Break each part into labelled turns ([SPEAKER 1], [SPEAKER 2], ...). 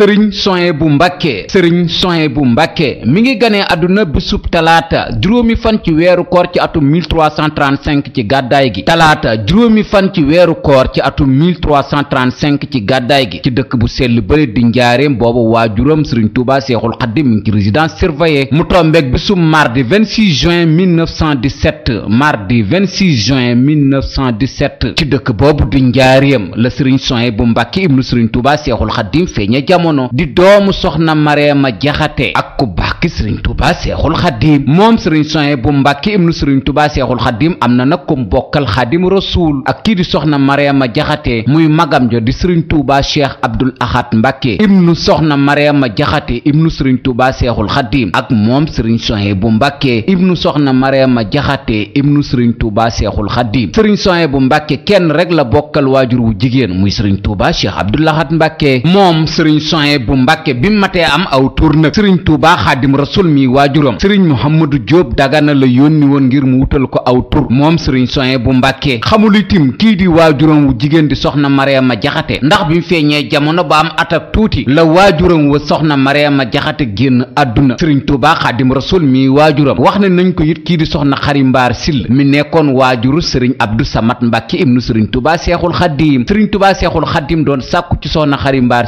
[SPEAKER 1] sëriñ soye bu mbàkke sëriñ soye bu mbàkke mi ngi ganee àdduna bisub talaata juróomi fan ci weeru koor ci atum 1335 ci gàddaay gi talaata juróomi fan ci weeru koor ci atum 1335 ci gàddaay gi ci dëkk bu sell bële di njaareem boobu waajuram sëriñ Touba Seexul Xaddim mi ngi ci résidence surveillée mu tombeeg bisub mardi 26 juin 1917 mardi 26 juin 1917 ci dëkk boobu di njaareem la sëriñ soye bu mbàkke ibnu sëriñ Touba Seexul Xaddim feeña jamono jamono di doomu soxna Mareema Jaxate ak ku baax ki sëriñ Tuubaa Seexul Xadiim moom sëriñ Suhaybu Mbàkke ibnu sëriñ Tuubaa Seexul Xadiim am na nag ku mbokkal Xadiim Rasuul ak kii di soxna Mareema Jaxate muy magam jo di sëriñ Tuubaa Cheikh Abdul Ahad Mbàkke ibnu soxna Mareema Jaxate ibnu sëriñ Tuubaa Seexul Xadiim ak moom sëriñ Suhaybu Mbàkke ibnu soxna Mareema Jaxate ibnu sëriñ Tuubaa Seexul Xadiim sëriñ Suhaybu Mbàkke kenn rek la bokkal waajur wu jigéen muy sëriñ Tuubaa Cheikh Abdul Ahad Mbàkke moom sëriñ soin bu mbàkke bi matee am aw tur nag sëriñ tuubaa xaadim rasul mi waajuram sëriñ mohamadu jóob dagana la yónni woon ngir mu wutal ko aw tur moom sëriñ soin bu mbàkke xamul itim kii di waajuram wu jigéen di soxna mariama jaxate ndax bi mu feeñee jamono ba am at tuuti la waajuram wa soxna mariama jaxate génn àdduna sëriñ tuubaa xaadim rasul mii waajuram wax ne nañ ko it kii di soxna xari mbaar sil mi nekkoon waajuru sëriñ abdu samat mbàkke ibnu sëriñ tuubaa seexul xaddiim sëriñ tuubaa seexul xaddiim doon sàkku ci soxna xari mbaar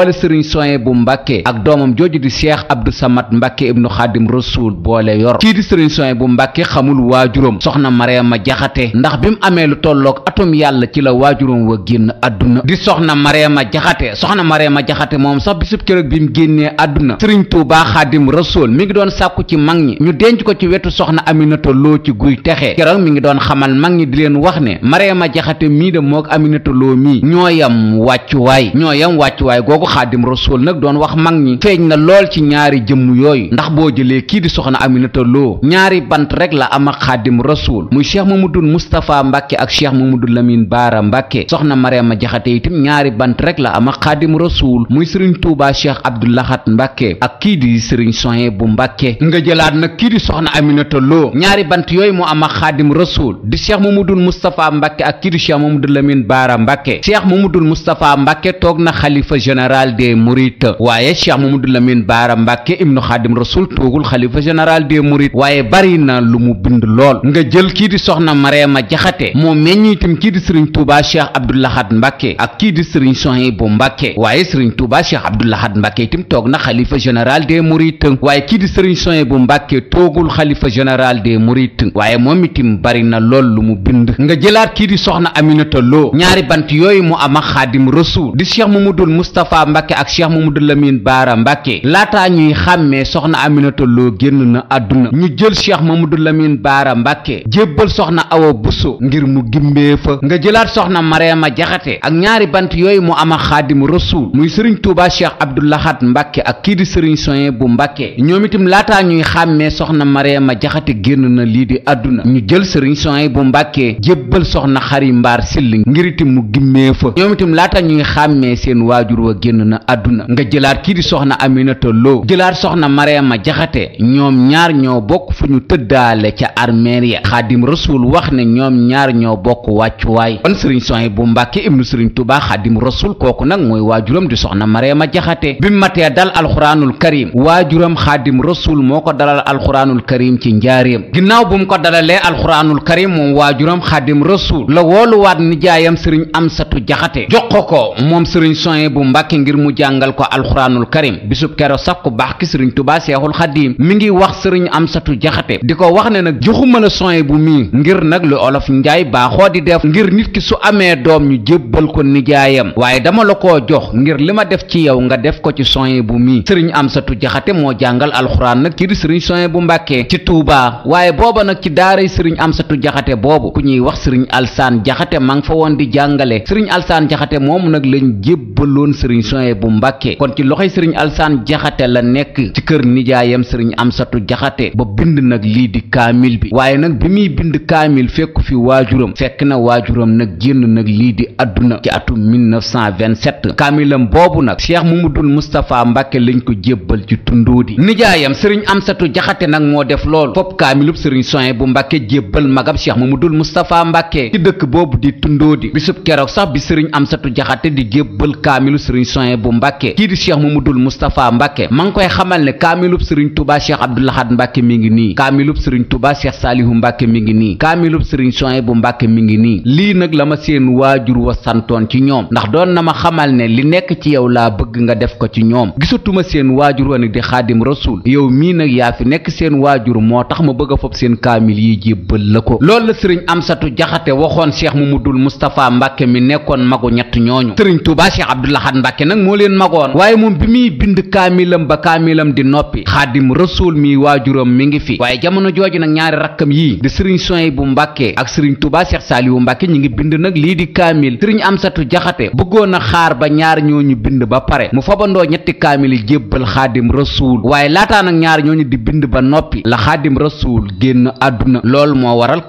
[SPEAKER 1] boole sëriñ soye bu mbàkke ak doomam jooju di cheikh abdou samat mbàkke ibnu xaadim rasuul boole yor kii di sëriñ soye bu mbàkke xamul waajuram soxna mariama jaxate ndax bi mu amee lu tolloog atum yàlla ci la waajuram wa génn àdduna di soxna mariama jaxate soxna mariama jaxate moom sax bisub keroog bi mu génnee àdduna sëriñ tuubaa xaadim rasuul mi ngi doon sàkku ci mag ñi ñu denc ko ci wetu soxna aminata loo ci guy texe keroog mi ngi doon xamal mag ñi di leen wax ne mariama jaxate mii de mook aminata loo mii ñooyam wàccuwaay ñooyam wàccuwaay googu xaadim rasul nag doon wax mag ñi feeñ na lool ci ñaari jëmm yooyu ndax boo jëlee kii di soxna Aminata Lo ñaari bant rek la am ak xaadim rasul muy cheikh mamadul moustapha mbàkke ak cheikh mamadul lamin baara mbàkke soxna mariama jaxate itam ñaari bant rek la am ak xaadim rasul muy sëriñ tuubaa cheikh abdoulahat mbàkke ak kii di sëriñ soye bu mbàkke nga jëlaat nag kii di soxna Aminata Lo ñaari bant yooyu mu am ak xaadim rasul di cheikh mamadul moustapha mbàkke ak kii di cheikh mamadul lamin baara mbàkke cheikh mamadul moustapha mbàkke toog na xalifa général général des mourides waaye cheikh mamadou lamine baara mbàkke ibnu xaadim rasul toogul xalifa général des mourides waaye bari lu mu bind lool nga jël kii di soxna mareema jaxate moo meññ itam kii di sëriñ tuuba cheikh abdoulahat mbàkke ak kii di sëriñ sohaybu mbàkke waaye sëriñ tuuba cheikh abdoulahat mbàkke itam toog na xalifa général des mourides waaye kii di sëriñ bu mbàkke toogul xalifa général des mourides waaye moom itam bari na lool lu mu bind nga jëlaat kii di soxna aminata loo ñaari bant yooyu mu ama Mbàkke ak Cheikh Mamadou Lamine Baara Mbàkke laataa ñuy xàmmee soxna Aminata Lo génn na àdduna ñu jël Cheikh Mamadou Lamine Baara Mbàkke jébbal soxna Awa Busso ngir mu gimbee fa nga jëlaat soxna Mariama Jaxate ak ñaari bant yooyu mu ama Xaadimu Rasuul muy sëriñ Tuubaa Cheikh Abdou Lahad Mbàkke ak kii di sëriñ Soye bu Mbàkke ñoom itam laataa ñuy xàmmee soxna Mariama Jaxate génn na lii di àdduna ñu jël sëriñ Soye bu Mbàkke jébbal soxna Xari Mbaar Sill génn na àdduna nga jëlaat kii di soxna Aminata Lo jëlaat soxna Mariama Jaxate ñoom ñaar ñoo bokk fu ñu tëddaale ca armeer ya xaadim rasul wax ne ñoom ñaar ñoo bokk wàccuwaay kon sëriñ Sohaybu Mbàkke ibnu sëriñ Tuubaa xaadim rasul kooku nag mooy waajuram di soxna Mariama Jaxate bi matee dal alxuraanul karim waajuram xaadim rasul moo ko dalal alxuraanul karim ci njaareem ginnaaw bu mu ko dalalee alxuraanul karim moom waajuram xaadim rasul la wooluwaat nijaayam sëriñ Amsatu Jaxate jox ko ko moom sëriñ Sohaybu Mbàkke ngir mu jàngal ko alxuraanul karim bisub kero sax ku baax ki sëriñ tubaa seexul xadiim mi ngi wax sëriñ amsatu jaxate di ko wax ne nag joxuma la soin bu mii ngir nag lu olof njaay baaxoo di def ngir nit ki su amee doom ñu jébbal ko nijaayam waaye dama la ko jox ngir li ma def ci yow nga def ko ci soin bu mii sëriñ amsatu jaxate moo jàngal alxuraan nag kii di sëriñ soin bu mbàkkee ci tuubaa waaye booba nag ci daaray sëriñ amsatu jaxate boobu ku ñuy wax sëriñ alsaan jaxate ma ngi fa woon di jàngale sëriñ doyen bu Mbàkke kon ci loxoy sëriñ Alsaan Jaxate la nekk ci kër nijaayam sëriñ Amsatu Jaxate ba bind nag lii di kaamil bi waaye nag bi muy bind kaamil fekku fi waajuram fekk na waajuram nag génn nag lii di àdduna ci atum 1927 kaamilam boobu nag Cheikh Mamadul Moustapha Mbàkke lañ ko jébbal ci tundoodi nijaayam sëriñ Amsatu Jaxate nag moo def loolu fopp kaamilub sëriñ Sohaybu bu Mbàkke jébbal magam Cheikh Mamadul Moustapha Mbàkke ci dëkk boobu di tundoodi bisub keroog sax bi sëriñ Amsatu Jaxate di doyen bu mbàkke kii di cheikh mamadul moustapha mbàkke ma ngi koy xamal ne kaamilub sëriñ tuba cheikh abdoulahad mbàkke mi ngi nii kaamilub sëriñ tuba cheikh saalihu mbàkke mi ngi nii kaamilub sëriñ soye bu mbàkke mi ngi nii lii nag la ma seen waajur wa santoon ci ñoom ndax doon na ma xamal ne li nekk ci yow laa bëgg nga def ko ci ñoom gisatuma seen waajur wa nag di xaadim rasul yow mii nag yaa fi nekk seen waajur moo tax ma bëgg a fob seen kaamil yi jébbal la ko loolu la sëriñ amsatu jaxate waxoon cheikh mamadul moustapha mbàkke mi nekkoon magu ñett ñooñu sëriñ tuba cheikh abdoulahad mbàkke nak mo len magoon waye mom bi mi bind kamilam ba kamilam di nopi, khadim rasul mi wajuram mi ngi fi waye jamono joji nak ñaari rakam yi di serigne soy bu mbàkke ak serigne touba cheikh saliou mbake ñi ngi bind nak li di kaamil sëriñ amsatu jaxate bëggoon a xaar ba ñaar ñoñu bind ba pare mu fabando ñetti kamil jeebal khadim rasul waye lata nak ñaar ñoñu di bind ba nopi la khadim rasul genn aduna lol mo waral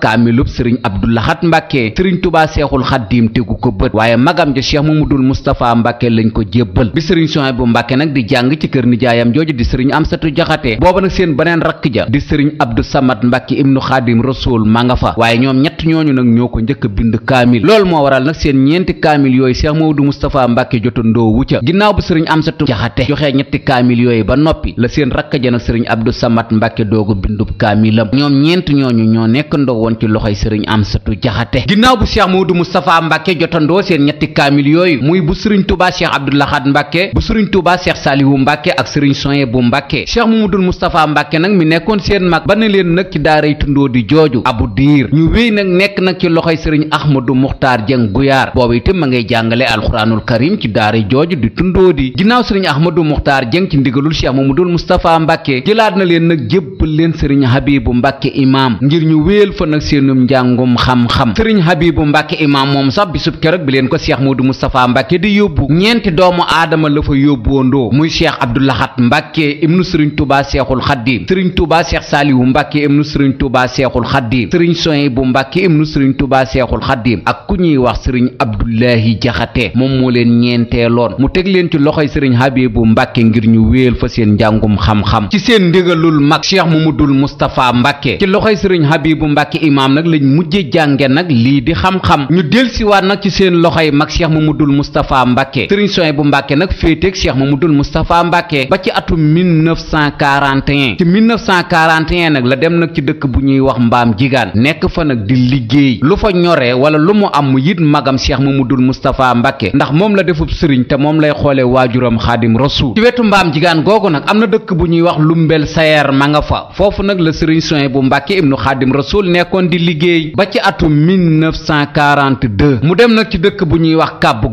[SPEAKER 1] serigne abdullah khat mbake serigne touba cheikhul khadim teggu ko beut waye magam je cheikh Mustafa mustapha mbake lañ ko jébbal bi sëriñ Souhaïbou mbake nak di jang ci kër nijaayam jooju di sëriñ Amsatu Jaxate bobu nak seen benen rak ja di serigne Abdou Samad mbake ibnu Khadim Rasul Mangafa nga fa waaye ñoom ñett ñooñu nak ñoko ñeuk bind kamil lol mo waral nak seen ñeenti kamil yoy Cheikh Maodo Moustapha Mbàkke jotandoo wu ca ginnaaw bu sëriñ Amsatu Jaxate joxe ñetti kamil yoy ba nopi le seen rak ja nak serigne Abdou Samad mbake dogu bindub kamilam ñom ñent ñooñu ño nek ndo won ci loxoy sëriñ Amsatu Jaxate ginnaaw bu Cheikh Maodo Moustapha Mbàkke jotandoo seen ñetti kamil yoy muy bu serigne Touba Cheikh Abdou Lahad mbake bu Serigne Touba Cheikh salihou mbake ak Serigne Soye bu mbake Cheikh Mamadou mustapha mbake nak mi nekkon sen mak ban len nak ci daaray tundo di joju abu Dir. ñu wey nak nekk nak ci loxoy Serigne Ahmadou mukhtar Jeng guyar bobu itam ma ngay jàngale alxuraanul karim ci daaray joju di tundo di ginaaw Serigne Ahmadou mukhtar Jeng ci ndigalul Cheikh Mamadou Moustapha Mbacke jëlaat na len nak jébbal len Serigne Habibu mbake imam ngir ñu weyel fa nak senum jangum xam-xam Serigne Habibu mbake imam mom sa bisub keroog bi len ko Cheikh Mamadou mustapha mbake di yobbu ñeenti do doomu aadama la fa yóbbuwandoo muy cheikh abdoulahat mbàkke ibnu sëriñ tubaa seexul xaddiim sëriñ tubaa seex saaliwu mbàkke ibnu sëriñ tubaa seexul xaddiim sëriñ soye bu mbàkke ibnu sëriñ tubaa seexul xaddiim ak ku ñuy wax sëriñ abdoulahi jaxate moom moo leen ñeenteeloon mu teg leen ci loxoy sëriñ habibu mbàkke ngir ñu wéel fa seen njàngum xam-xam ci seen ndigalul mag cheikh mamadul moustapha mbàkke ci loxoy sëriñ habibu mbàkke imaam nag lañ mujje jànge nag lii di xam-xam ñu delsiwaat nag ci seen loxoy mag cheikh mamadul moustapha mbàkke sëriñ soye bu Mbàkke nag féeteeg Cheikh Mamadul Moustapha Mbàkke ba ci atum 1941 ci 1941 nag la dem nag ci dëkk bu ñuy wax mbaam jigaan nekk fa nag di liggéey lu fa ñoree wala lu mu am yit magam Cheikh Mamadul Moustapha Mbàkke ndax moom la defub sëriñ te moom lay xoole waajuram Xaadim Rasuul ci wetu mbaam jigaan googu nag am na dëkk bu ñuy wax Lumbel Sayer ma nga fa foofu nag la sëriñ soin bu Mbàkke ibnu Xaadim Rasuul nekkoon di liggéey ba ci atum 1942 mu dem nag ci dëkk bu ñuy wax Kàbbu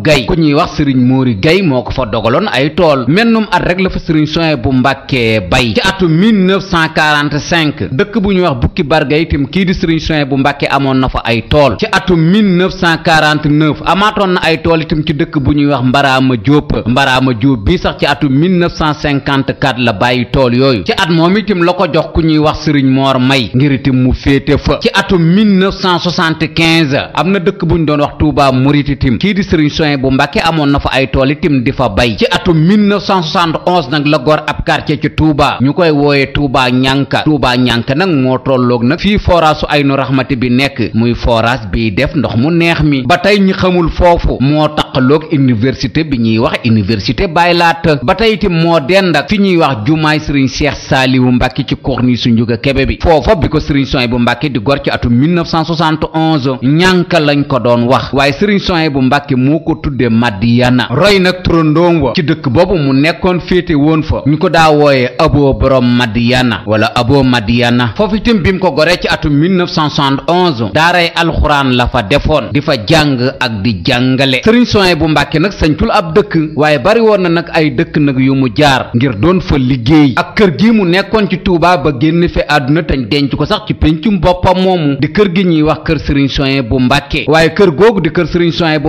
[SPEAKER 1] Gay Gueye moo ko fa dogaloon ay tool mennum at rek la fa sëriñ soin bu mbàkkee bay ci atum 1945 dëkk bu ñuy wax bukki barga itam kii di sëriñ soin bu mbàkke amoon na fa ay tool ci atum 1949 amaatoon na ay tool itam ci dëkk bu ñuy wax mbaraama jóob mbaraama jóob bii sax ci atum 1954 la bàyyi tool yooyu ci at moom itam la ko jox ku ñuy wax sëriñ moor may ngir itam mu féete fa ci atum 1975 am na dëkk bu ñu doon wax Touba Mouride kii di sëriñ soin bu mbàkke amoon na fa ay tool victime di fa bay ci atum 1971 nag la gor ab quartier ci Touba ñu koy wooye Touba ñànka Touba ñànka nag moo tolloog nag fii forage su Aynu Rahmati bi nekk muy forage biy def ndox mu neex mi ba tey ñi xamul foofu moo taqaloog université bi ñuy wax université baylaat ba tey itam moo dend ak fi ñuy wax jumaay Serigne Cheikh Saliou Mbacke ci corniche su Ndiouga kebe bi foofa bi ko Serigne bu Mbacke di gor ci atum 1971 ñànka lañ ko doon wax waaye Serigne bu Mbacke moo ko tudde Madiyana ak turandoom wa ci dëkk boobu mu nekkoon féete woon fa ñu ko daa wooye aboo borom madiyana wala aboo madiyana foofu itam bi mu ko goree ci atum 1971 daaray alxuraan la fa defoon di fa jàng ak di jàngale sëriñ soye bu mbàkke nag sañtul ab dëkk waaye bari woon na nag ay dëkk nag yu mu jaar ngir doon fa liggéey ak kër gi mu nekkoon ci Touba ba génn fi àdduna te denc ko sax ci péncum boppam moomu di kër gi ñuy wax kër sëriñ soye bu mbàkke waaye kër googu di kër sëriñ soye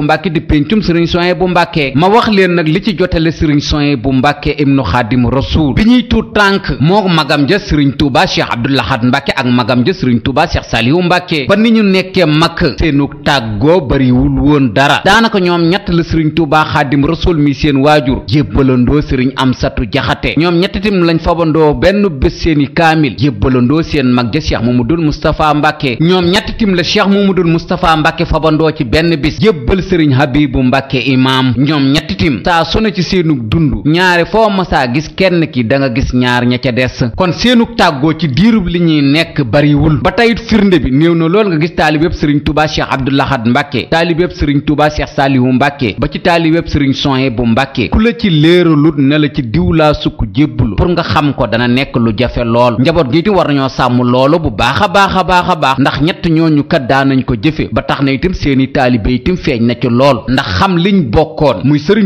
[SPEAKER 1] bu mbàkke wax leen nag li ci jotale sëriñ soye bu mbàkke ibnu xaadim rasuul bi ñuy tuut tànk moo magam ja sëriñ tuuba cheikh abdoulahat mbàkke ak magam ja sëriñ tuuba cheikh saliwu mbàkke ba ni ñu nekkee mag seenuk tàggoo bariwul woon dara daanaka ñoom ñett la sëriñ tuuba xaadim rasuul mi seen waajur jébbalandoo sëriñ amsatu jaxate ñoom ñettitim lañ fabandoo benn bés seeni kaamil jébbalandoo seen mag ja cheikh mamadul mustapha mbàkke ñoom ñettitim la cheikh mamadul mustapha mbàkke fabandoo ci benn bis jébbal sëriñ habibu mbàkke imaam ñoom ñetti itim saa sone ci seenug dund ñaare foo masaa gis kenn ki da nga gis ñaar ña ca des kon seenug tàggoo ci diirub li ñuy nekk bariwul ba teyit firnde bi néew na lool nga gis taalibeb sëriñ Touba Cheikh Abdou Lahad Mbacke taalibeb sëriñ Touba Cheikh Salihu Mbacke ba ci taalibeb sëriñ Sohé bu Mbacke ku la ci léeralut ne la ci diw laa sukk jébbulu pour nga xam ko dana nekk lu jafe lool njaboot gi itam war nañoo sàmm loolu bu baax a baax a baax a baax ndax ñett ñooñu kat daanañ ko jëfe ba tax na itam seeni taalibe itam feeñ na ci lool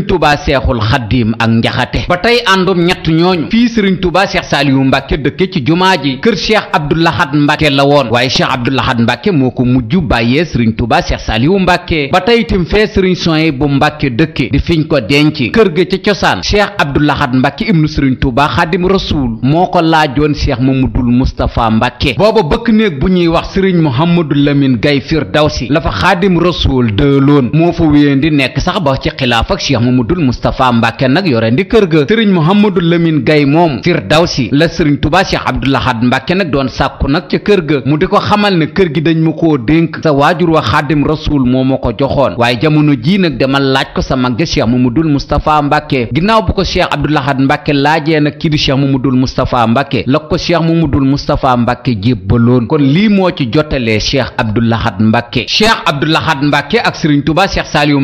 [SPEAKER 1] sëriñ tubaa seexul xaddiim ak njaxate ba tey àndum ñett ñooñu fii sëriñ tubaa seex saaliyu mbàkke dëkke ci jumaa ji kër cheikh abdoulahat mbàkke la woon waaye cheikh abdoulahat mbàkke moo ko mujj bàyyee sëriñ tubaa seex saaliyu mbàkke ba tey tim fee sëriñ yi bu mbàkke dëkke di fiñ ko denc kër ga ca cosaan cheikh abdoulahat mbàkke ibnu sëriñ tubaa xaadim rasuul moo ko laajoon cheikh mamadul mustapha mbàkke booba bëkk néeg bu ñuy wax sëriñ mouhamadou lamin gay firdawsi la fa xaadim rasuul dëloon moo fa wéyandi Mamadul Moustapha Mbàkke nag yore ndi kër ga sëriñ Mouhamadul Lamine Gay moom Firdawsi la sëriñ Tuubaa Cheikh Abdou Lahad Mbàkke nag doon sàkku nag ca kër ga mu di ko xamal ne kër gi dañ ma koo dénk sa waajur wa Xaadim Rasuul moo ma ko joxoon waaye jamono jii nag dama laaj ko sa mag ja Cheikh Mamadul Moustapha Mbàkke ginnaaw bu ko Cheikh Abdou Lahad Mbàkke laajee nag kii di Cheikh Mamadul Moustapha Mbàkke la ko Cheikh Mamadul Moustapha Mbàkke jébbaloon kon lii moo ci jottalee Cheikh Abdou Lahad Mbàkke Cheikh Abdou ak sëriñ Tuubaa Cheikh Saliou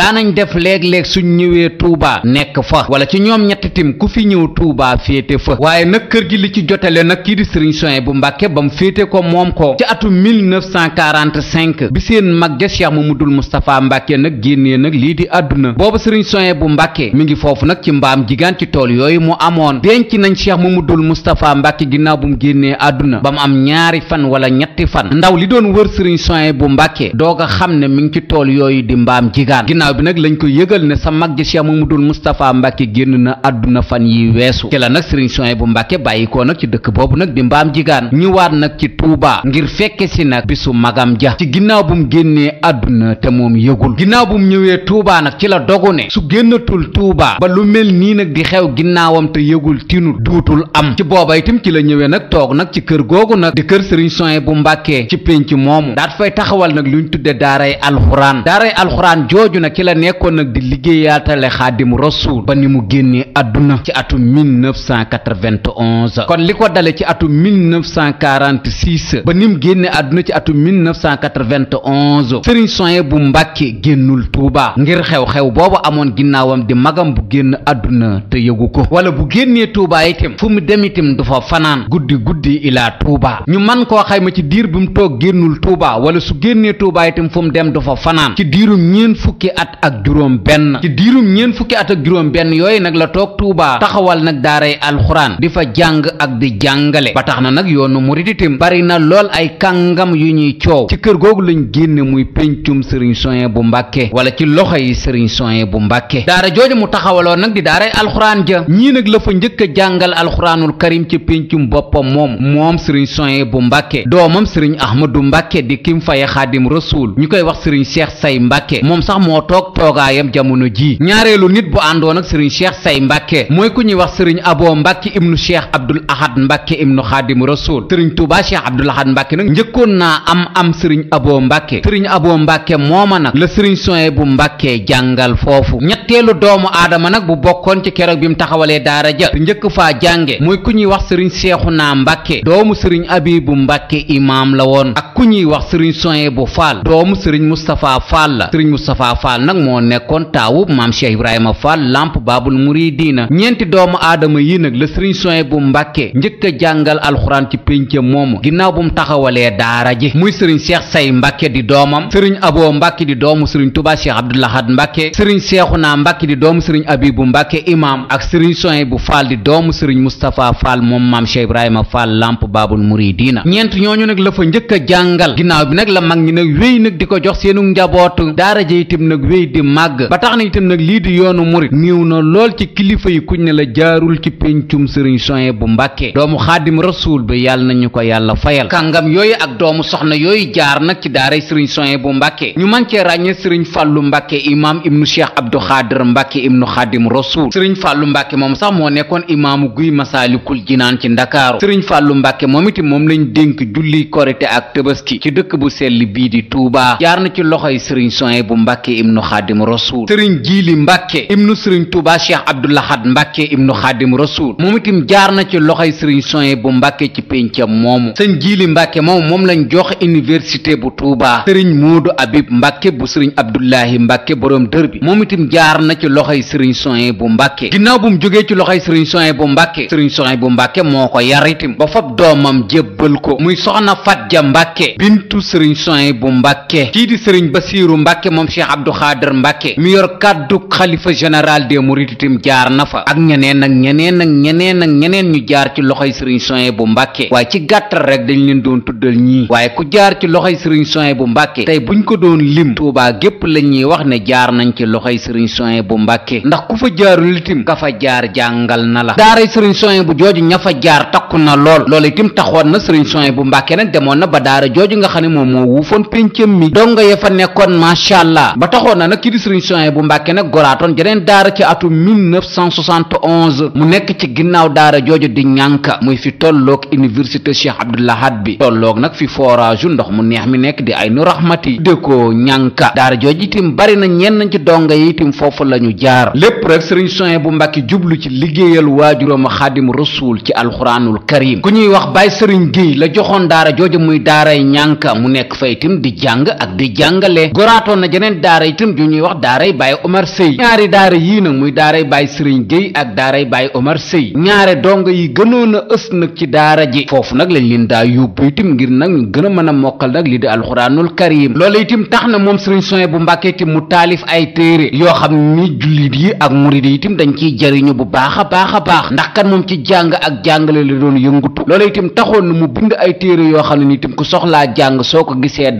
[SPEAKER 1] daanañ def léeg-léeg suñu ñëwee Touba nekk fa wala ci ñoom ñetti tim ku fi ñëw Touba féete fa waaye nag kër gi li ci jotale nag kii di Serigne bu Mbacké ba mu féete ko moom ko ci atum 1945 bi seen mag ja Cheikh Mamadou Moustapha Mbacké nag génnee nag lii di àdduna boobu Serigne bu Mbacké mi ngi foofu nag ci mbaam jigaan ci tool yooyu mu amoon denc nañ Cheikh Mamadou Moustapha Mbacké ginnaaw bu mu génnee àdduna ba mu am ñaari fan wala ñetti fan ndaw li doon wër Serigne Souhaïbou Mbacké doog xam ne mi ngi ci tool yooyu di mbaam jigaan ginnaaw bi nag lañ ko yëgal ne sa mag ji Cheikh Mamadul Moustapha Mbàkke génn na àdduna fan yi weesu ci la nag sëriñ Souhaïbou Mbàkke bàyyikoo nag ci dëkk boobu nag di mbaam jigaan ñëwaat nag ci Touba ngir fekke si nag bisu magam ja ci ginnaaw bu mu génnee àdduna te moom yëgul ginnaaw bu mu ñëwee Touba nag ci la dogu ne su génnatul Touba ba lu mel nii nag di xew ginnaawam te yëgul tinul duutul am ci booba itam ci la ñëwee nag toog nag ci kër googu nag di kër sëriñ Souhaïbou Mbàkke ci pénc moomu daat fay taxawal nag luñ tudde daaray ci la nekkoon nag di liggéeyaatale xaadim rasuul ba ni mu génnee àdduna ci atum 1991 kon li ko dale ci atum 1946 ba ni mu génne àdduna ci atum 1991 sëriñ soye bu mbàkke génnul tuuba ngir xew-xew booba amoon ginnaawam di magam bu génn àdduna te yëgu ko wala bu génnee tuuba itam fu mu dem itam du fa fanaan guddi guddi ilaa tuuba ñu man koo xayma ci diir bi mu toog génnul tuuba wala su génnee tuuba itam fu mu dem du fa fanaan ci diirum ñeen fukki at at ak juróom benn ci diirum ñeen fukki at ak juróom benn yooyu nag la toog Touba taxawal nag daaray alxuraan di fa jàng ak di jàngale ba tax na nag yoonu murit itam bari na lool ay kàngam yu ñuy coow ci kër googu lañ génne muy péncum sëriñ soye bu mbàkke wala ci loxo yi sëriñ soye bu mbàkke daara jooju mu taxawaloo nag di daaray alxuraan ja ñii nag la fa njëkk a jàngal alxuraanul karim ci péncum boppam moom moom sëriñ soye bu mbàkke doomam sëriñ ahmadu mbàkke di kim faye xaadim rasuul ñu koy wax sëriñ toog toogaayam jamono ji ñaarelu nit bu ando nak serigne cheikh say mbacke moy ku ñi wax serigne abo mbacke ibnu cheikh abdul ahad mbacke ibnu khadim rasul serigne touba cheikh abdul ahad mbacke nak ñeekon na am am serigne abo mbacke serigne abo mbacke moma nak le serigne soye bu mbacke jangal fofu ñettelu doomu adama nak bu bokkon ci kérok bi mu taxawalee daara ja ñeek fa faa moy ku ñi wax sëriñ seexuna mbacke doomu sëriñ abibu mbacke imam la won ak ku ñi wax serigne soye bu fall doomu serigne mustapha fall serigne mustapha fall Fall nag moo nekkoon taawub maam Cheikh Ibrahima Fall lamp baabul muridiina ñeenti doomu aadama yi nag la sëriñ soye bu mbàkke njëkk jàngal alxuraan ci pénca moomu ginnaaw bu mu taxawalee daara ji muy sëriñ Cheikh say mbàkke di doomam sëriñ aboo mbàkke di doomu sëriñ Touba Cheikh Abdoulahad mbàkke sëriñ Cheikhouna mbàkke di doomu sëriñ bu mbàkke imaam ak sëriñ soye bu Fall di doomu sëriñ Moustapha Fall moom maam Cheikh Ibrahima Fall lamp baabul fa njëkk a jàngal ginnaaw bi nag la wéy di màgg ba tax na itam nag lii di yoonu murit niiw na lool ci kilifa yi kuñ ne la jaarul ci péncum sëriñ soye bu mbàkke doomu xaadim rasuul bi yàlla nañu ko yàlla fayal kàngam yooyu ak doomu soxna yooyu jaar nag ci daaray sëriñ soye bu mbàkke ñu man cee ràññe sëriñ fàllu mbàkke imaam ibnu cheikh abdu xaadir mbàkke ibnu xaadim rasuul sëriñ fàllu mbàkke moom sax moo nekkoon imaamu guy masaalikul jinaan ci ndakaaru sëriñ fàllu mbàkke moom itam moom lañ dénk julli korite ak tëbaski ci dëkk bu sell bii di tuubaa ibnu xaadim rasul sëriñ jiili mbàkke ibnu sëriñ tuuba cheikh abdoulahat mbàkke ibnu xaadim rasul moom itam jaar na ci loxoy sëriñ soye bu mbàkke ci péncam moomu sëñ jiili mbàkke moom moom lañ jox université bu tuuba sëriñ muudu abib mbàkke bu sëriñ abdoulahi mbàkke boroom dër bi moom itam jaar na ci loxoy sëriñ soye bu mbàkke ginnaaw bu mu jógee ci loxoy sëriñ soye bu mbàkke sëriñ soye bu mbàkke moo ko yar ba fab doomam jébbal ko muy soxna fatja mbàkke bintu sëriñ soye bu mbàkke kii di sëriñ basiiru mbàkke moom cheikh Xaadir Mbàkke mi yor kàddu xalifa général des mourides jaar na fa ak ñeneen ak ñeneen ak ñeneen ak ñeneen ñu jaar ci loxo loxoy sëriñ bu Mbàkke waaye ci gàttal rek dañ leen doon tuddal ñii waaye ku jaar ci loxo loxoy sëriñ Souhaïbou Mbàkke tey buñ ko doon lim Tuubaa gépp la ñuy wax ne jaar nañ ci yi sëriñ bu Mbàkke ndax ku fa jaarul itam ka fa jaar jàngal na la daaray sëriñ bu jooju ña fa jaar takku na lool loolu itam taxoon na sëriñ Souhaïbou Mbàkke nag demoon na ba daara jooju nga xam ne moo taxoon na nag kii di sëriñ Souhaïbou bu Mbàkke nag goraatoon jeneen daara ci atum 1971 mu nekk ci ginnaaw daara jooju di ñànka muy fi tolloog université Cheikh Abdou Lahad bi tolloog nag fi forage ndox mu neex mi nekk di ay nu raxmati de ko ñànka daara jooju itam bari na ñenn ci donga yi itam foofu la ñu jaar lépp rek sëriñ Souhaïbou bu Mbàkke jublu ci liggéeyal waajuram xaadim rasul ci alxuraanul karim ku ñuy wax Baye Sëriñ Géey la joxoon daara jooju muy daaray ñànka mu nekk fa itam di jàng ak di jàngale goraatoon na jeneen daara itam jëm ju ñuy wax daaray Baye Omar Sëy ñaari daara yii nag muy daaray Baye Sëriñ Géy ak daaray Baye Omar Sëy ñaare dong yi gënoon a ës nag ci daara ji foofu nag lañ leen daa yóbbu itam ngir nag ñu gën a mën a mokkal nag li di alxuraanul karim loolu itam tax na moom Sëriñ Soye bu Mbàkke itam mu taalif ay téere yoo xam ni jullit yi ak murid yi itam dañ ciy jariñu bu baax a baax a baax ndax kat moom ci jàng ak jàngale la doon yëngutu loolu itam taxoon na mu bind ay téere yoo xam ne itam ku soxlaa jàng soo ko gisee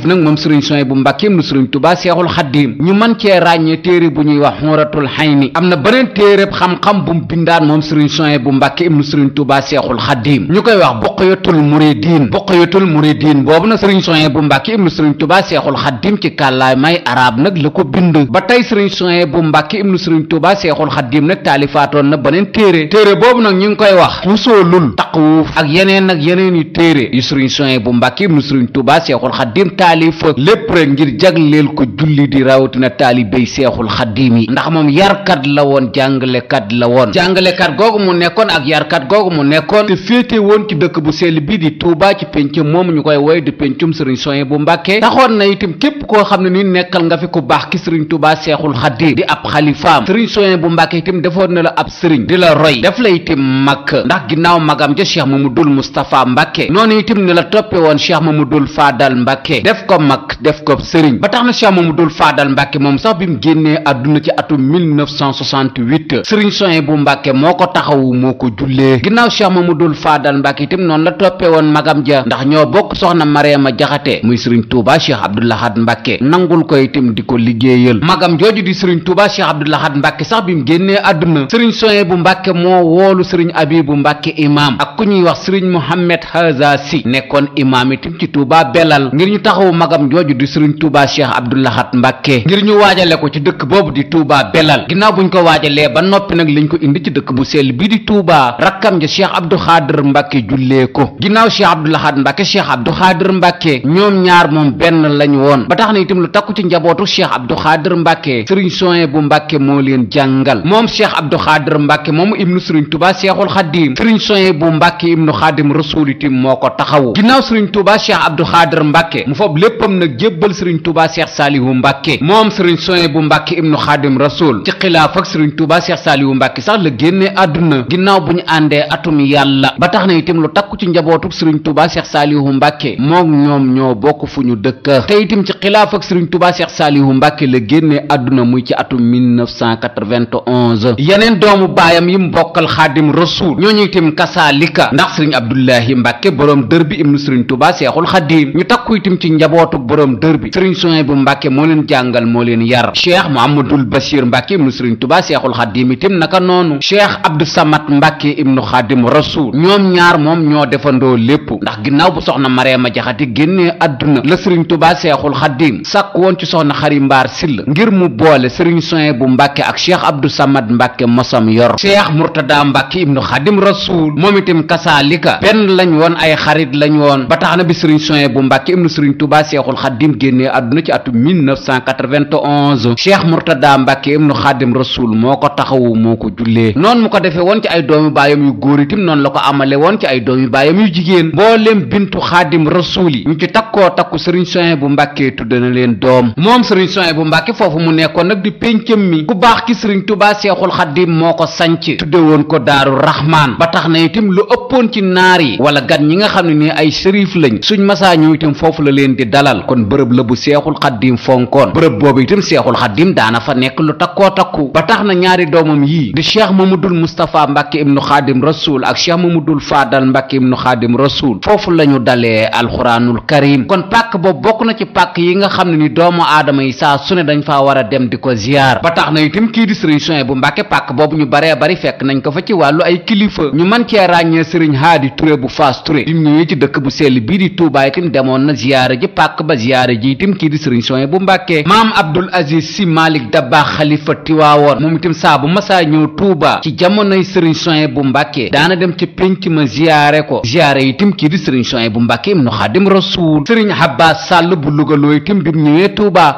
[SPEAKER 1] taalif nag moom sëriñ Suhaybu Mbàkke nu sëriñ Tuubaa Seexul Xaddiim ñu mën cee ràññee téere bu ñuy wax xunratul xayni am na beneen téereb xam-xam bu mu bindaan moom sëriñ Suhaybu Mbàkke ibnu sëriñ Tuubaa Seexul Xaddiim ñu koy wax buqyatul muridiin buqyatul muridiin boobu nag sëriñ Suhaybu Mbàkke ibnu sëriñ Tuubaa Seexul Xaddiim ci kàllaay may arab nag la ko bind ba tey sëriñ Suhaybu Mbàkke ibnu sëriñ Tuubaa Seexul Xaddiim nag taalifaatoon na beneen téere téere boobu nag ñu ngi koy wax xusoolul taqwuuf ak yeneen ak yeneen i téere yu sëriñ Suhaybu Mbàkke ibnu sëriñ Tuubaa Seexul Xaddiim taalifa lépp ngir jagleel ko julli di rawatina taalibey seexul xaddiim yi ndax moom yarkat la woon jàngalekat la woon jàngalekat googu mu nekkoon ak yarkat googu mu nekkoon te féete woon ci dëkk bu sell bii di Tuubaa ci penc moom ñu koy woy di pencum sëriñ Soye bu Mbàkke taxoon na itam képp koo xam ne ni nekkal nga fi ku baax ki sëriñ Tuubaa seexul xaddiim di ab xalifaam sëriñ Soye bu Mbàkke itam defoon na la ab sëriñ di la roy def la itam mag ndax ginnaaw magam ja cheikh Mamadul Moustapha Mbàkke noonu itam ni la toppe woon cheikh Mamadul Faadal Mbàkke def ko mag def ko sëriñ ba tax na cheikh mamadul faadal mbàkke moom sax bi mu génnee àdduna ci atum 1968 sëriñ soye bu mbàkke moo ko taxawu moo ko jullee ginnaaw cheikh mamadul faadal mbàkke itam noonu la toppee woon magam ja ndax ñoo bokk soxna mariama jaxate muy sëriñ touba cheikh abdoulahad mbàkke nangul ko itam di ko liggéeyal magam jooju di sëriñ touba cheikh abdoulahad mbàkke sax bi mu génnee àdduna sëriñ soye bu mbàkke moo woolu sëriñ abibu mbàkke imam ak ku ñuy wax sëriñ mohammed haza si nekkoon imaam itam taxaw magam joju di serigne touba cheikh abdoulahat mbake ngir ñu wajale ko ci dekk bobu di touba belal ginaaw buñ ko wajale ba nopi nak liñ ko indi ci dekk bu sel bi di touba rakam ja cheikh abdou khader mbake julle ko ginaaw cheikh abdoulahat mbake cheikh abdou khader mbake ñom ñaar mom ben lañ won ba tax ne itim lu takku ci njabootu cheikh abdou khader mbake serigne soye bu mbake mo leen jangal mom cheikh abdou khader mbake mom ibnu serigne touba cheikhul khadim serigne soye bu mbake ibnu khadim rasul moko taxaw ginaaw serigne touba cheikh abdou khader mbake mu fo boobu léppam nag jébbal sëriñ tubaa seex saalihu mbàkke moom sëriñ soye bu mbàkke ibnu xaadim rasul ci xilaaf ak sëriñ tubaa seex saalihu mbàkke sax la génnee ginnaaw bu ñu àndee atum yàlla ba tax na itam lu takku ci njabootuk sëriñ tubaa seex saalihu mbàkke moom ñoom ñoo bokk fu ñu dëkk te itam ci xilaaf ak sëriñ tubaa seex saalihu mbàkke la génne àdduna muy ci atum 1991 yeneen doomu baayam yi mbokkal xaadim rasul ñooñu itam kasaalika ndax sëriñ abdullahi mbàkke boroom dër bi ibnu sëriñ tubaa seexul xaadim ñu takku itam ci njabootug borom dër bi sëriñ soin bu mbàkke moo leen jàngal moo leen yar cheikh mohamadul bachir mbàkke ibnu sëriñ tuba seexul xaadim itam naka noonu cheikh abdou samat mbàkke ibnu xaadim rasul ñoom ñaar moom ñoo defandoo lépp ndax ginnaaw bu soxna mareema jaxate génnee àdduna la sëriñ tuba seexul xaadim sàkk woon ci soxna xari mbaar sill ngir mu boole sëriñ soin bu mbàkke ak cheikh samat mbàkke mosam yor cheikh murtada mbàkke ibnu xaadim moom itam kasaalika benn lañ woon ay xarit lañ woon ba tax na bi sëriñ soin bu mbàkke ibnu sëriñ tuba Touba Seexul Xaddim génnee àdduna ci atum 1991 Cheikh Mourtada Mbacke ibnu Xaddim Rasoul moo ko taxawu moo ko jullee noonu mu ko defee woon ci ay doom doomi baayam yu góor itam noonu la ko amale woon ci ay doomi baayam yu jigéen mboolem bintu Xaddim Rasoul yi ñu ci takkoo takku Serigne Souhaïbou Mbacke tudde na leen doom moom Serigne bu Mbacke foofu mu nekkoon nag di péncam mi ku baax ki Serigne Touba Seexul Xaddim moo ko sanc tudde woon ko Daaru Rahman ba tax na itam lu ëppoon ci naar yi wala gan ñi nga xam ne nii ay sërif la di dalal kon bërëb la bu seexul xaddim fonkoon bërëb boobu itam seexul xaddim daana fa nekk lu takkoo takku ba tax na ñaari doomam yii di cheikh mamadul mustapha mbàkke ibnu xaadim rasul ak cheikh mamadul faadal mbàkke ibnu xaadim rasul foofu la ñu dalee alxuraanul karim kon pàkk boobu bokk na ci pàkk yi nga xam ne ni doomu aadama yi saa su ne dañ faa war a dem di ko ziyaar ba tax na itam kii di sëriñ Suhaybu bu mbàkke pàkk boobu ñu baree bari fekk nañ ko fa ci wàllu ay kilifa ñu mën pàkk ba ziyaare ji itam kii di sëriñ soye bu mbàkke maam abdul aziz si malik dabaax xalifa tiwaawoon moom itam saa bu masaa ñëw tuuba ci jamonoy sëriñ soye bu mbàkke daana dem ca pénc ma ziyaare ko ziyaare itam kii di sëriñ soye bu mbàkke im nu xaadim rasuul sëriñ abbas sàll bu lugaloo itam bi mu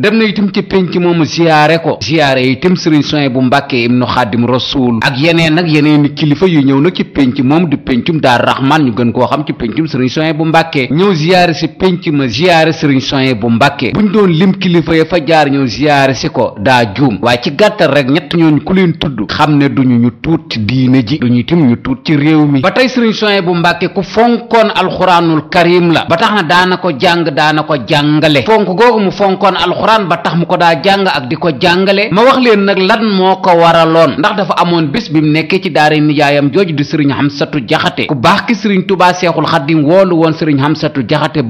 [SPEAKER 1] dem na itam ca pénc moomu ziyaare ko ziyaare itam sëriñ soye bu mbàkke im nu xaadim rasuul ak yeneen nag yeneen i kilifa yu ñëw na ci pénc moom di péncum daar raxmaan ñu gën koo xam ci péncum sëriñ soye bu mbàkke ñëw ziyaare si pénc ma ziyaare ziyaare sëriñ soye bu mbàkke buñ doon lim kilifa ya fa jaar ñëw ziyaare si ko daa juum waaye ci gàttal rek ñett ñooñu ku leen tudd xam ne duñu ñu tuut ci diine ji duñu tim ñu tuut ci réew mi ba tey sëriñ soye bu mbàkke ku fonkoon alxuraanul karim la ba tax na daana ko jàng daana ko jàngale fonk googu mu fonkoon alxuraan ba tax mu ko daa jàng ak di ko jàngale ma wax leen nag lan moo ko waraloon ndax dafa amoon bés bi mu nekkee ci daara nijaayam jooju di sëriñ Hamsatu Jaxate ku baax sëriñ Tubaa Seexul Xaddim woolu woon sëriñ Hamsatu Jaxate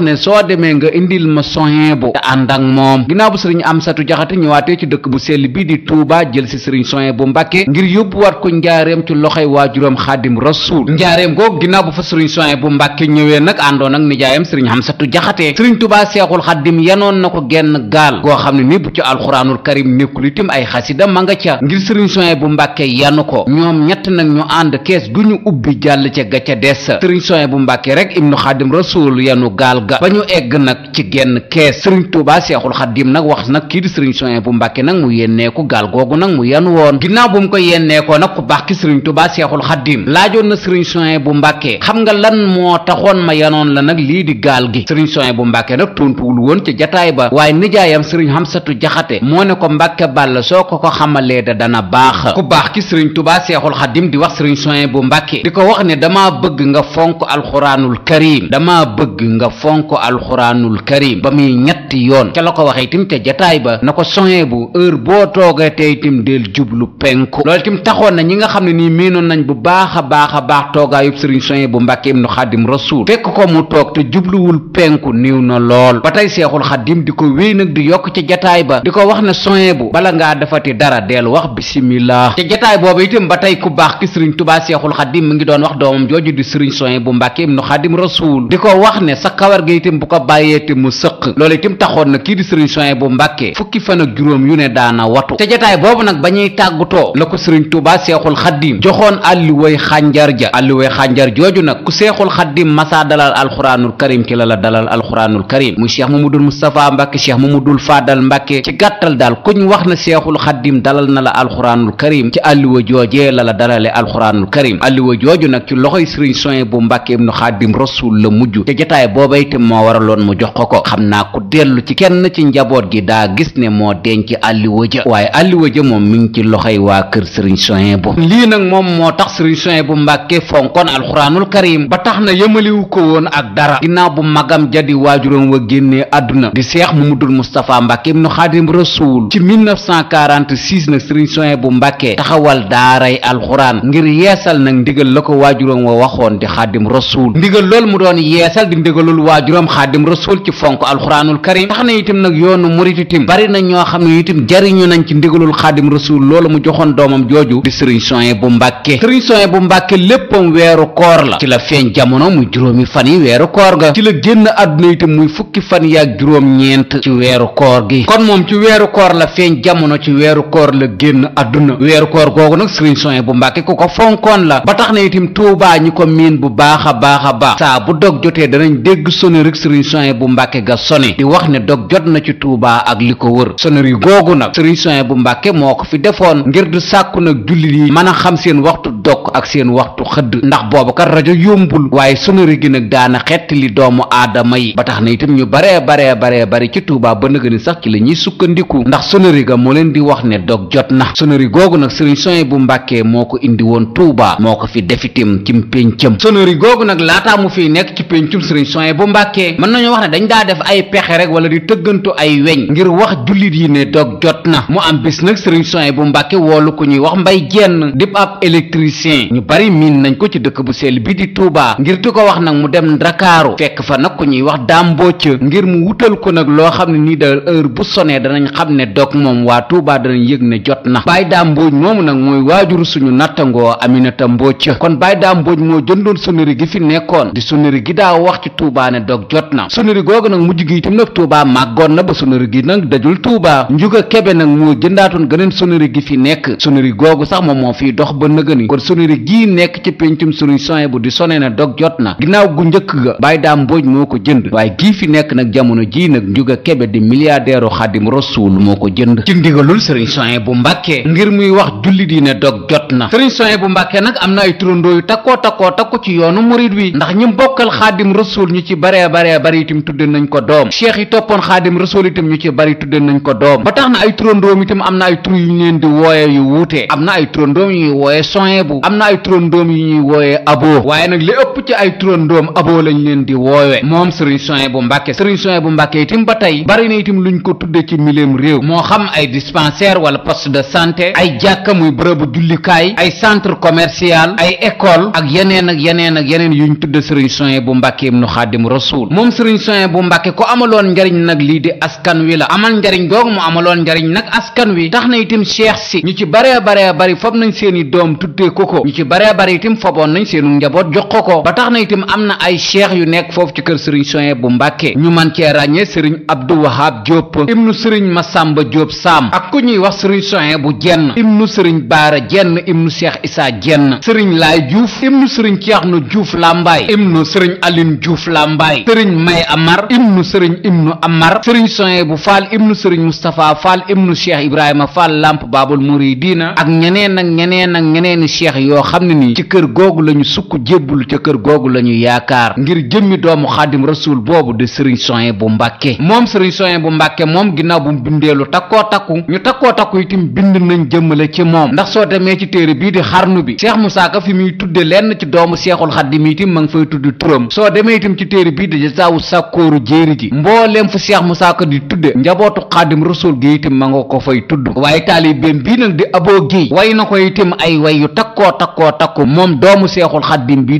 [SPEAKER 1] wax ne soo demee nga indil ma sohin bu te ànd ak moom ginnaaw bu sëriñ Amsatu Jaxate ñëwaatee ci dëkk bu sell bii di Touba jël si sëriñ sohin bu Mbàkke ngir yóbbuwaat ko njaareem ci loxoy waajuram Xaadim Rasuul njaareem googu ginnaaw bu fa sëriñ bu Mbàkke ñëwee nag àndoon ak nijaayam sëriñ Amsatu Jaxate sëriñ Touba Seexul Xaadim yanoon na ko genn gaal goo xam ne ni bu ci alxuraanul karim nekkul itam ay xasida ma nga ca ngir sëriñ sohin bu Mbàkke yanu ko ñoom ñett nag ñu ànd kees gu ñu ubbi jàll ca ga ca des sëriñ sohin bu Mbàkke rek ibnu Xaadim Rasuul yanu gaal ga ba ñu egg nag ci genn kees sëriñ Tuubaa Seexul Xaddiim nag wax nag kii di sëriñ Suhaybu bu Mbàkke nag mu yenneeku gaal googu nag mu yan woon ginnaaw bu mu ko yénneekoo nag ku baax ki sëriñ Tuubaa Seexul Xaddiim laajoon na sëriñ Suhaybu bu Mbàkke xam nga lan moo taxoon ma yanoon la nag lii di gaal gi sëriñ Suhaybu bu Mbàkke nag tontuwul woon ca jataay ba waaye nijaayam sëriñ Xamsatu Jaxate moo ne ko Mbàkke Bàll soo ko ko xamalee da dana baax ku baax ki sëriñ Tuubaa Seexul Xaddiim di wax sëriñ Suhaybu bu Mbàkke di ko wax ne dama bëgg nga fonk alxuraanul karim jàng ko alxuraanul karim ba muy ñetti yoon ca la ko waxee itam te jataay ba na ko soñee bu heure boo toogee te itam del jublu penku loolu itam taxoon na ñi nga xam ne nii miinoon nañ bu baax a baax a baax toogaayub sëriñ soñee bu mbàkke ibnu xaadim rasuul fekk ko mu toog te jubluwul penk niiw na lool ba tey seexul xaadim di ko wéy nag di yokk ca jataay ba di ko wax ne soñee bu bala ngaa defati dara del wax bisimilah ca jataay boobu itam ba tey ku baax ki sëriñ tubaa seexul xaadim mu ngi doon wax doomam jooju màggee itam bu ko bàyyee te mu sëq loolu itam taxoon na kii di sëriñ soin bu mbàkkee fukki fan ak juróom yu ne daana watu te jataay boobu nag ba ñuy tàggutoo la ko sëriñ tubaa seexul xaddiim joxoon àlliway xànjar ja àlliway xànjar jooju nag ku seexul xaddiim masaa dalal alxuraanul karim ci la la dalal alxuraanul karim muy cheikh mamadul moustapha mbàkke cheikh mamadul faadal mbàkke ci gàttal daal ko ñu wax na seexul xaddiim dalal na la alxuraanul karim ci àlliwa joojee la la dalale alxuraanul karim àlliwa jooju nag ci loxoy sëriñ soin bu la mujj moo waraloon mu jox ko ko xam naa ku dellu ci kenn ci njaboot gi daa gis ne moo denc Aliwa ja waaye Aliwa ja moom mu ngi ci loxo loxoy waa kër Serigne Souhaïbou lii nag moom moo tax Serigne Souhaïbou Mbàkke fonkoon alxuraanul karim ba tax na yëmaliwu ko woon ak dara ginnaaw bu magam ja di waajuroom wa génne àdduna di seex Mamadul Moustapha Mbàkke ibnu Xaadim Rasuul ci 1946 nag Serigne Souhaïbou Mbàkke taxawal daaray alxuraan ngir yeesal nag ndigal la ko waajuroom wa waxoon di Xaadim Rasuul ndigal loolu mu doon waajur waajuram xaadim rasul ci fonk alxuraanul karim tax na itam nag yoonu murit itam bari na ñoo xam ne itam jariñu nañ ci ndigalul xaadim rasul loolu mu joxoon doomam jooju di sëriñ soye bu mbàkke sëriñ soye bu mbàkke léppam weeru koor la ci la feeñ jamono muy juróomi fan yi weeru koor ga ci la génn kon moom ci weeru koor la feeñ jamono ci weeru koor la génn àdduna weeru koor googu nag sëriñ soye bu mbàkke ku ko fonkoon la ba tax na itam tuubaa ñi ko miin bu baax a baax a baax saa sonnerig sëriñ soen bu mbàkke ga sone di wax ne dog jot na ci tuubaa ak li ko wër sonnerie googu nag sëriñ soen bu mbàkke moo ko fi defoon ngir di sàkku nag jullit yi mën a xam seen waxtu dokk ak seen waxtu xëdd ndax boobu kat rajo yombul waaye sonnerie gi nag daana xett li doomu aadama yi ba tax na itam ñu baree baree baree bari ci tuubaa ba nëga ni sax ci la ñuy sukkandiku ndax sonnerie ga moo leen di wax ne dog jot na sonnerie googu nag sëriñ soen bu mbàkke moo ko indi woon tuubaa moo ko fi defitim cim péncam sonnerie googu nag laataa mu fiy nekk ci péncum sëriñ soen bu mbàkke mbàkke mën nañoo wax ne dañ daa def ay pexe rek wala di tëggantu ay weñ ngir wax jullit yi ne dog jot na mu am bis nag sëriñ soin bu mbàkke woolu ko ñuy wax mbay jenn dip ab électricien ñu bari miin nañ ko ci dëkk bu sell bi di Touba ngir di ko wax nag mu dem ndakaaru fekk fa nag ku ñuy wax dàmbooc ngir mu wutal ko nag loo xam ne nii da heure bu sonee danañ xam ne dog moom waa Touba danañ yëg ne jot na Baye daa mbooj moomu nag mooy waajur suñu nattangoo Aminata Mbooc kon Baye daa dog jot na sonori googu nag mujj gi itam nag Touba màggoon na ba sonori gi nag dajul Touba Njuga Kebe nag moo jëndaatoon geneen sonori gi fi nekk sonori googu sax moom moo fiy dox ba nëgëni kon sonori gii nekk ci péncum sëriñ Souhaïbou bu di sone na dog jot na ginnaaw gu njëkk ga Baye Dame Mbodj moo ko jënd waaye gii fi nekk nag jamono jii nag Njuga Kebe di milliardaire u Xadim Rasul moo ko jënd ci ndigalul sëriñ Souhaïbou bu Mbàkke ngir muy wax jullit di ne dog jot na sëriñ Souhaïbou bu Mbàkke nag am na baree baree bari itam tudde nañ ko doom cheikh yi toppoon xaadim rasul itam ñu ci bari tudde nañ ko doom ba tax na ay turandoom itam am na ay tur yu ñu leen di wooye yu wuute am na ay turandoom yu ñuy wooye soye bu am na ay turandoom yu ñuy wooye aboo waaye nag li ëpp ëpp ci ay turandoom aboo lañ leen di woowe moom sëriñ Souhaïbou Mbàkke sëriñ Souhaïbou Mbàkke itam ba tey bari na itam luñ ko tudde ci miléem réew moo xam ay dispensaire wala poste de santé ay jàkka muy bërëbu jullikaay ay centre commercial ay école ak yeneen ak yeneen ak yeneen yuñ tudde sëriñ bu Mbàkke ibnu Xaadim Rasuul moom sëriñ Souhaïbou Mbàkke ko amaloon njariñ nag lii di askan wi la amal njariñ googu mu amaloon njariñ nag askan wi tax na itam cheikh si ñu ci baree baree bari fob nañ seeni doom tuddee ko ko ñu ci baree bari itam ko ba tax na itam am na ay cheikh yu nekk foofu ci kër sëriñ bu mbàkkee ñu man cee ràññee sëriñ Abdou Wahab Diop ibnu sëriñ Masamba Diop Sam ak ku ñuy wax sëriñ bu Dieng ibnu sëriñ Baara Dieng ibnu cheikh Issa Dieng sëriñ Laay Diouf ibnu sëriñ nu Diouf Lambaay ibnu sëriñ alin Diouf Lambaay sëriñ May Amar ibnu sëriñ ibnu Amar sëriñ Souhaïbou Fall ibnu sëriñ Moustapha Fall ibnu cheikh Ibrahima Fall làmp Baabul Muridiina ak ñeneen ak ñeneen ak ñeneeni cheikh yoo xam ne ci kër googu lañu sukk kër googu lañu yaakaar ngir jëmmi doomu xaadim rasul boobu di sëriñ soyen bu mbàkke moom sëriñ soyen bu mbàkke moom ginnaaw bu bindee lu takkoo takku ñu takkoo takku itam bind nañ jëmmale ci moom bii di xarnu bi cheikh Moussa Ka fi muy tudde lenn ci doomu seexul xaadim itam ma ngi fay tudd turam soo demee itam ci téere bii di jasaawu sàkkooru jéeri ji mbooleem fu cheikh Moussa Ka di tudde njabootu xaadim rasul gi itam ma nga ko fay tudd waaye taalibeem bii nag di aboo gi way na ko itam ay way yu takkoo takkoo takku moom doomu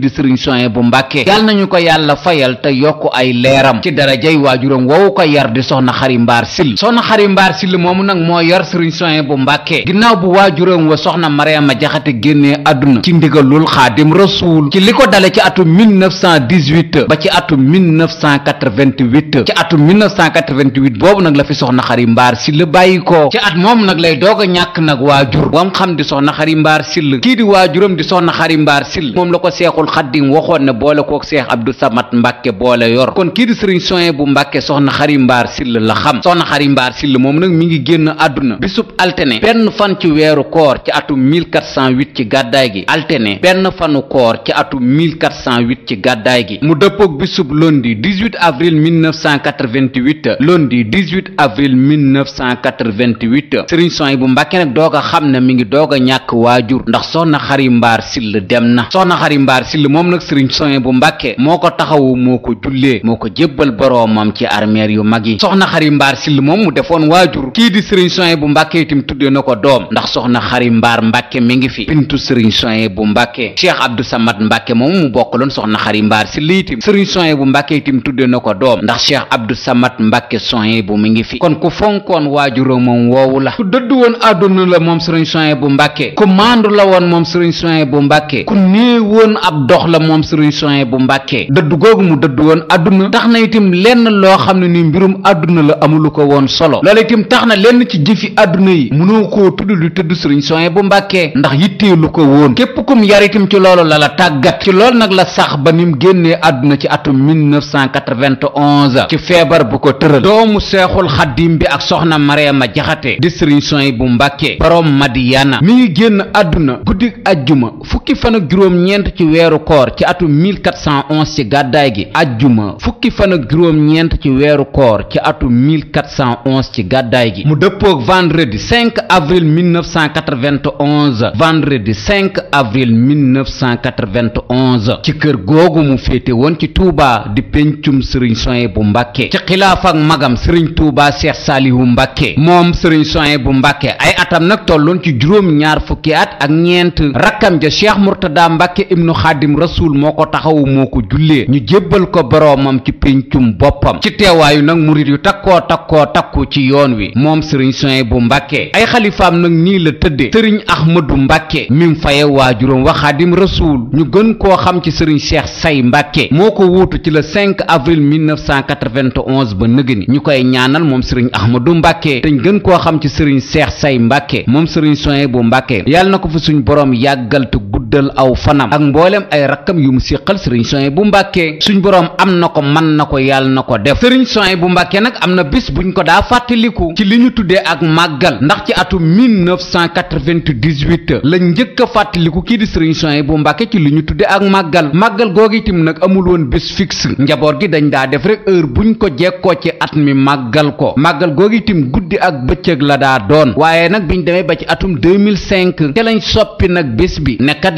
[SPEAKER 1] di sëriñ soin bu mbàkke yàlla nañu ko yàlla fayal te yokk ay leeram ci darajay waajuram woowu ko yar di soxna xari mbaar sil soxna xari mbaar sil moomu nag moo yar sëriñ soin bu mbàkke ginnaaw bu waajuram wa soxna mariama jaxate génnee àdduna ci ndigalul bàyyi ko ci at moom nag lay doog a ñàkk nag waajur wam xam di soxna xari mbaar sil kii di waajuram di soxna xari mbaar sil moom la ko seexul xaddim moom waxoon ne boole kook seex abdu samat mbàkke boole yor kon kii sëriñ soin bu mbàkke soxna xari mbaar sill la xam soxna xari mbaar sill moom nag mi ngi génn àdduna bisub altene benn fan ci weeru koor ci atum 1408 ci gàddaay gi altene benn fanu koor ci atum 1408 ci gàddaay gi mu dëppook bisub lundi 18 avril 1988 lundi 18 avril 1988 sëriñ soin bu mbàkke nag doog a xam ne mi ngi doog a ñàkk waajur ndax soxna xari mbaar sill dem na soxna xari mbaar sill moom nag ak sëriñ soin bu mbàkke moo ko taxawu moo ko jullee moo ko jébbal boroomam ci armeer yu mag yi soxna xari mbaar sill moom mu defoon waajur kii di sëriñ soin bu mbàkke itam tuddee na ko doom ndax soxna xari mbaar mbàkke mi ngi fi bintu sëriñ soin bu mbàkke cheikh abdou samad mbàkke moom mu bokkaloon soxna xari mbaar sill itam sëriñ soin bu mbàkke itam tuddee na ko doom ndax cheikh abdou samad mbàkke soin bu mi ngi fi kon ku fonkoon waajuram moom woowu la ku dëdd woon àdduna la moom sëriñ soin bu mbàkke ku maandu la woon moom sëriñ soin bu mbàkke dëdd googu mu dëdd woon àdduna tax na itam lenn loo xam ne ni mbirum àdduna la amulu ko woon solo loola itam tax na lenn ci jëfi àdduna yi mënoo koo tudd lu tëdd sëriñ soin bu mbàkke ndax yitteelu ko woon képp kum yar itam ci loolu la la tàggat ci loolu nag la sax ba nim génnee àdduna ci atum 1991 ci feebar bu ko tëral doomu seexul xaddim bi ak soxna Mariama Jaxate di sëriñ soin bu mbàkke borom Madiyana mi ngi génn àdduna guddi ajjuma fukki fan juróom ñeent ci atum 1411 ci gàddaay gi ajjuma fukki fan ak juróom-ñeent ci weeru koor ci atum 1411 ci gàddaay gi mu dëppook vendredi 5 avril 1991 vendredi 5 avril 1991 ci kër googu mu féete woon ci Touba di pencum sëriñ soye bu Mbàkke ci xilaaf ak magam sëriñ Touba Seex Saalihu Mbàkke moom sëriñ soye bu Mbàkke ay atam nag tolloon ci juróom-ñaar fukki at ak ñeent rakkam ja Cheikh Murtada Mbàkke ibnu Xaadim Rasul matul moo ko taxawu moo ko jullee ñu jébbal ko boroomam ci péncum boppam ci teewaayu nag murit yu takkoo takkoo takku ci yoon wi moom sëriñ bu Mbàkke ay xalifaam nag nii la tëdde sëriñ Ahmadou Mbàkke mim faye waajuram wa Xaadim Rasuul ñu gën koo xam ci sëriñ Cheikh Say Mbàkke moo ko wuutu ci le 5 avril 1991 ba nëgëni ñu koy ñaanal moom sëriñ Ahmadou Mbàkke dañ gën koo xam ci sëriñ Cheikh Say Mbàkke moom sëriñ Souhaïbou Mbàkke yàlla na ko fa suñ boroom guddal aw fanam ak mboolem ay rakkam yu mu siqal sëriñ Souhaïbou Mbàkke suñ boroom am na ko man na ko yàlla na ko def sëriñ bu Mbàkke nag am na bés buñ ko daa fàttaliku ci li ñu tuddee ak màggal ndax ci atum 1998 lañ njëkk fàttaliku kii di sëriñ bu Mbàkke ci li ñu tuddee ak màggal màggal googu itam nag amul woon bés fixe njaboot gi dañ daa def rek heure buñ ko jekkoo ci at mi màggal ko màggal googu itam guddi ak bëccëg la daa doon waaye nag biñ demee ba ci atum 2005 te lañ soppi nag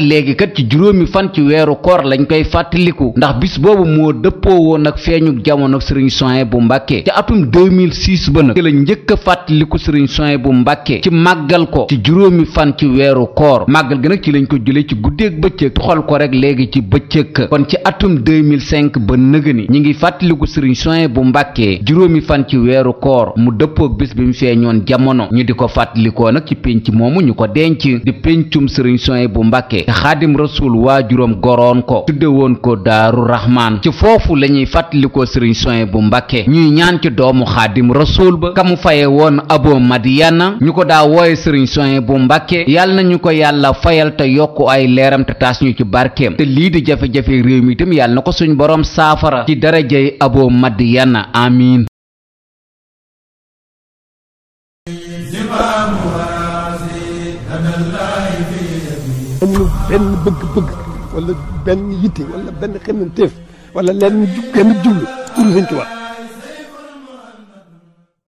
[SPEAKER 1] léegi kat ci juróomi fan ci weeru koor lañ koy fàttaliku ndax bis boobu moo dëppoo woon ak feeñu jamono sëriñ soin bu mbàkke ci atum 2006 ba nag ci la njëkk a fàttaliku sëriñ soin bu mbàkke ci màggal ko ci juróomi fan ci weeru koor màggal gi nag ci lañ ko jëlee ci guddeeg bëccëg tuxal ko rek léegi ci bëccëg kon ci atum 2005 ba nëgëni ñi ngi fàttaliku sëriñ soin bu mbàkke juróomi fan ci weeru koor mu dëppoog bis bi mu feeñoon jamono ñu di ko fàttalikoo nag ci pénc moomu ñu ko denc di péncum sëriñ soin bu mbàkke xaadim waa waajuram goroon ko tudde woon ko daaru raxmaan ci foofu la ñuy fàttalikoo sëriñ soin bu mbàkke ñuy ñaan ci doomu xaadim rasul ba ka mu faye woon abo madiyana ñu ko daa wooye sëriñ soin bu mbàkke yàlla ñu ko yàlla fayal te yokk ay leeram taas ñu ci barkeem te lii di jafe-jafe réew mi itam yàlla na ko suñ boroom saafara ci darajey abo madiyana amiin بن بق بق ولا بن يتي ولا بن خمنتيف ولا لن جو كان جو كل هنتوا